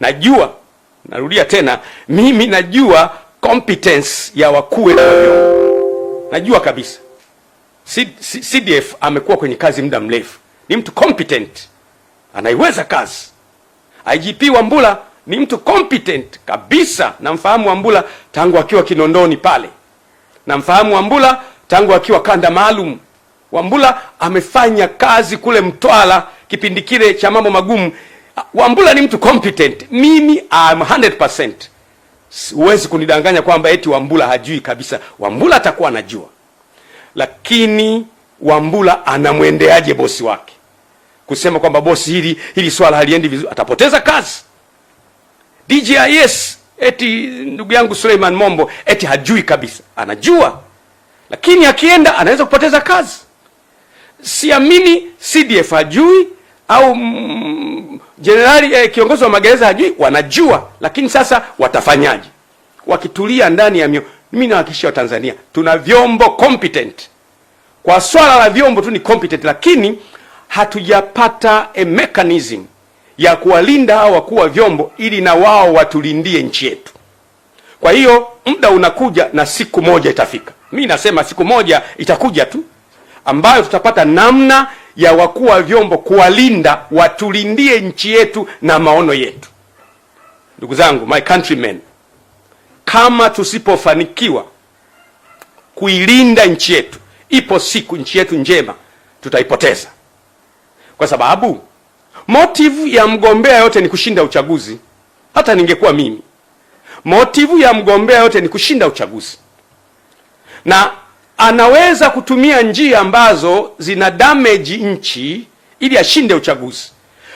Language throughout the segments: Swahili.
Najua, narudia tena, mimi najua competence ya wakuu wetu wa vyombo, najua kabisa CDF amekuwa kwenye kazi muda mrefu, ni mtu competent, anaiweza kazi. IGP Wambula ni mtu competent kabisa, namfahamu Wambula tangu akiwa Kinondoni pale, namfahamu Wambula tangu akiwa kanda maalum. Wambula amefanya kazi kule Mtwara kipindi kile cha mambo magumu. Wambula ni mtu competent. Mimi I'm 100%. Huwezi kunidanganya kwamba eti Wambula hajui kabisa. Wambula atakuwa anajua, lakini Wambula anamwendeaje bosi wake kusema kwamba bosi, hili hili swala haliendi vizuri, atapoteza kazi. DJIS eti ndugu yangu Suleiman Mombo eti hajui kabisa, anajua, lakini akienda anaweza kupoteza kazi. Siamini CDF hajui au mm, jenerali eh, kiongozi wa magereza hajui, wanajua, lakini sasa watafanyaje? Wakitulia ndani ya mio, mimi nawahakikishia Watanzania tuna vyombo competent. Kwa swala la vyombo tu ni competent, lakini hatujapata a mechanism ya kuwalinda hao wakuu wa vyombo ili na wao watulindie nchi yetu. Kwa hiyo muda unakuja na siku moja itafika, mi nasema siku moja itakuja tu ambayo tutapata namna ya wakuu wa vyombo kuwalinda, watulindie nchi yetu na maono yetu. Ndugu zangu, my countrymen, kama tusipofanikiwa kuilinda nchi yetu, ipo siku nchi yetu njema tutaipoteza, kwa sababu motivu ya mgombea yote ni kushinda uchaguzi. Hata ningekuwa mimi, motivu ya mgombea yote ni kushinda uchaguzi na anaweza kutumia njia ambazo zina damage nchi ili ashinde uchaguzi,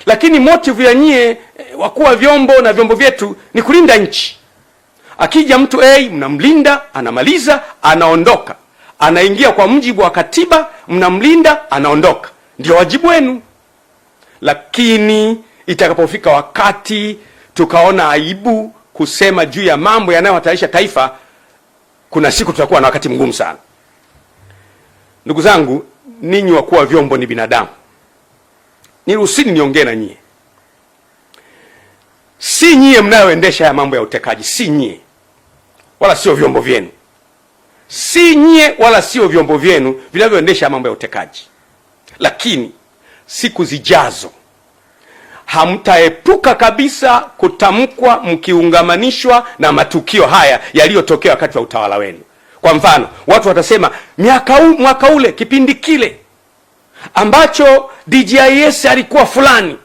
lakini motive ya nyie eh, wakuwa vyombo na vyombo vyetu ni kulinda nchi. Akija mtu A hey, mnamlinda, anamaliza, anaondoka, anaingia kwa mujibu wa katiba, mnamlinda, anaondoka. Ndio wajibu wenu, lakini itakapofika wakati tukaona aibu kusema juu ya mambo yanayohatarisha taifa, kuna siku tutakuwa na wakati mgumu sana. Ndugu zangu, ninyi wakuwa vyombo ni binadamu, niruhusini niongee na nyie. Si nyie mnayoendesha haya mambo ya utekaji, si nyie wala sio vyombo vyenu, si nyie wala sio vyombo vyenu vinavyoendesha mambo ya utekaji. Lakini siku zijazo hamtaepuka kabisa kutamkwa mkiungamanishwa na matukio haya yaliyotokea wakati wa utawala wenu. Kwa mfano watu watasema miaka u, mwaka ule kipindi kile ambacho DJIS alikuwa fulani